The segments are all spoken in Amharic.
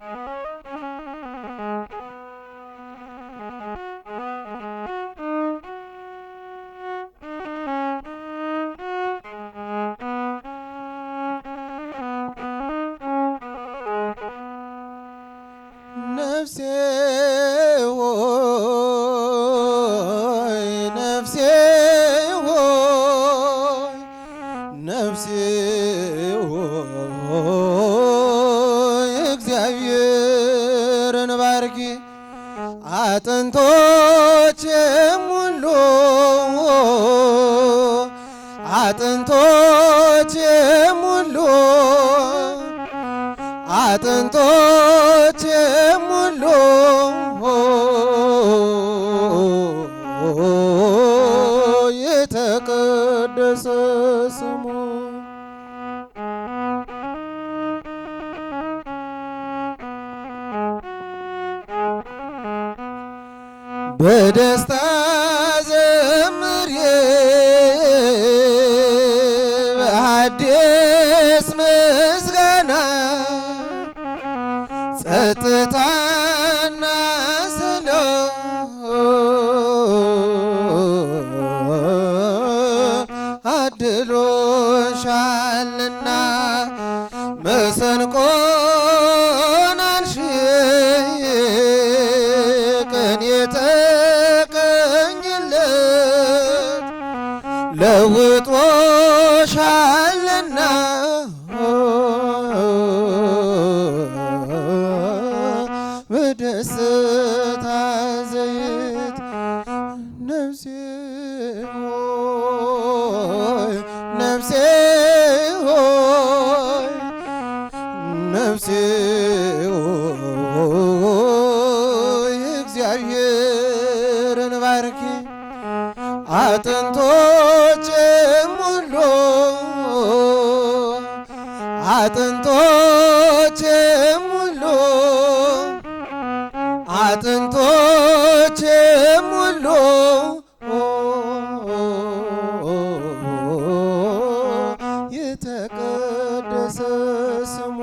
Oh አጥንቶችም ሁሉ በደስታ ዘምሬ በአዲስ ምስጋና ጸጥታና ሰላም አድሎሻልና አጥንቶችም ሁሉ አጥንቶችም ሁሉ የተቀደሰ ስሙ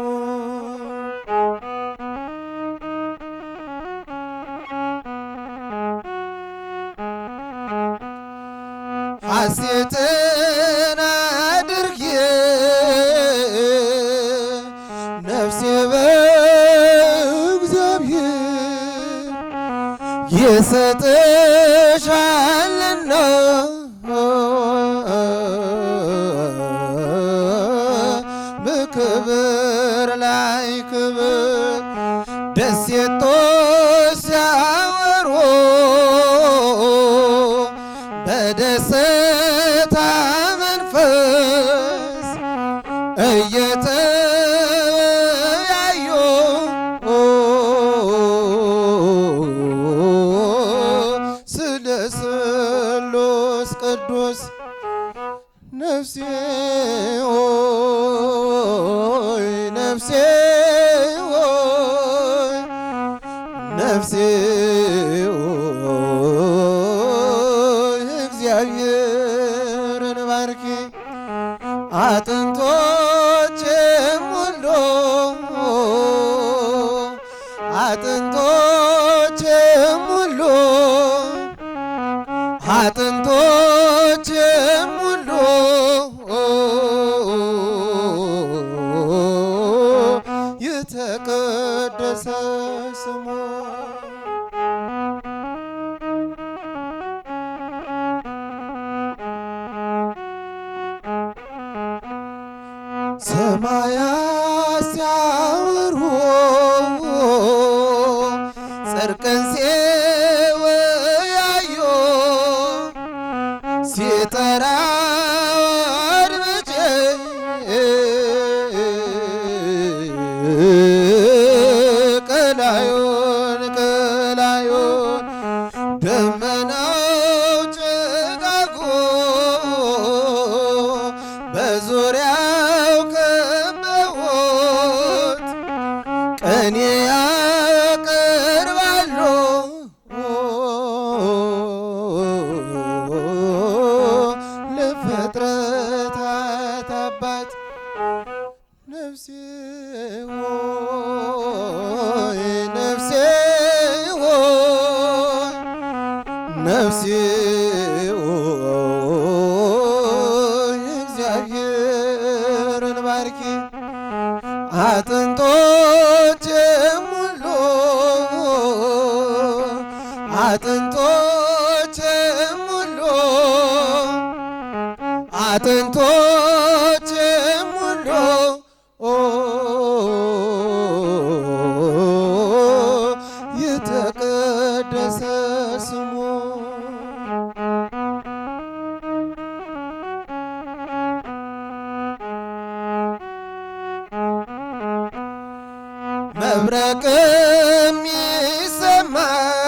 ሐሴት ይሰጥሻልና በክብር ላይ ክብር ደሴቶች ሲያወሩ በደስታ መንፈስ እየተ ሆይ ነፍሴ ሆይ ነፍሴ ሆይ እግዚአብሔርን ባርኪ አጥንቶቼም ሁሉ አጥንቶ ሰማያት ሲያወሩ ጽድቅን ሲወያዩ ሲጠራ አድምጬ ቀላዩን ቀላዩን ደመናው ጭጋጉ በዙሪያ አጥንቶችም ሁሉ የተቀደሰ ስሙ መብረቅም ይሰማል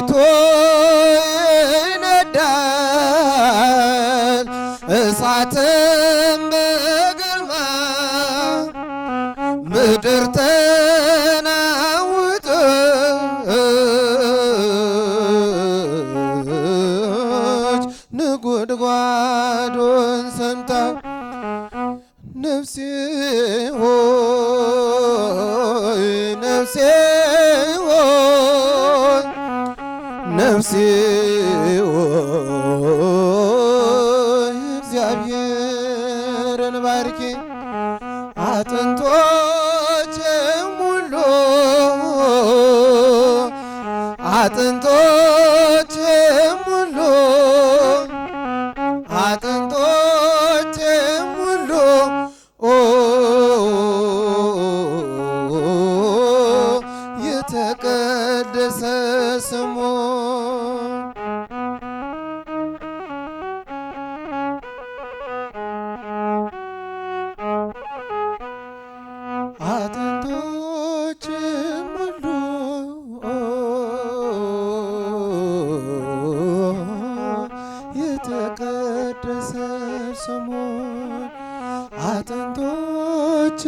Vitor. ነፍሴ ሆይ እግዚአብሔርን ባርኪ አጥንቶቼም ሙሉ አጥንቶቼም ሙሉ ስሙ የተቀደሰ ስሙ አጥንቶች